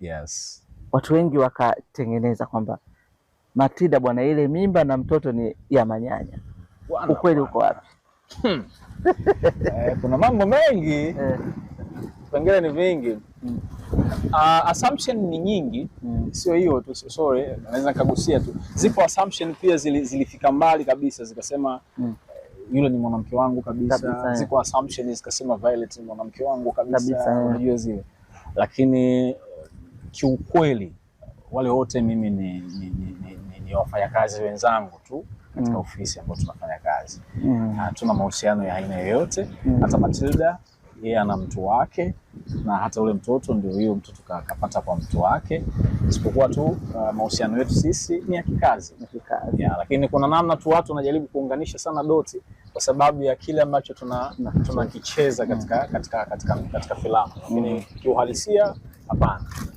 Yes. Watu wengi wakatengeneza kwamba Matilda bwana, ile mimba na mtoto ni ya manyanya. Ukweli uko wapi? Hmm. Eh, kuna mambo mengi eh. Vipengele ni vingi Uh, assumption ni nyingi mm. Sio hiyo tu, sorry, naweza kagusia tu, zipo assumption pia zili, zilifika mbali kabisa zikasema mm. Yule ni mwanamke wangu kabisa, kabisa. Eh. Ziko assumption zikasema Violet ni mwanamke wangu kabisa, unajua zile lakini kiukweli wale wote mimi ni, ni, ni, ni, ni wafanyakazi wenzangu tu katika mm. ofisi ambayo tunafanya kazi mm. hatuna mahusiano ya aina yoyote mm. hata Matilda yeye ana mtu wake na hata ule mtoto ndio huyo mtoto kapata kwa mtu wake, isipokuwa tu uh, mahusiano yetu sisi ni ya kikazi, ni kikazi. Yeah, lakini kuna namna tu watu wanajaribu kuunganisha sana doti kwa sababu ya kile ambacho tunakicheza tuna katika, katika, katika, katika, katika filamu, lakini mm. kiuhalisia hapana.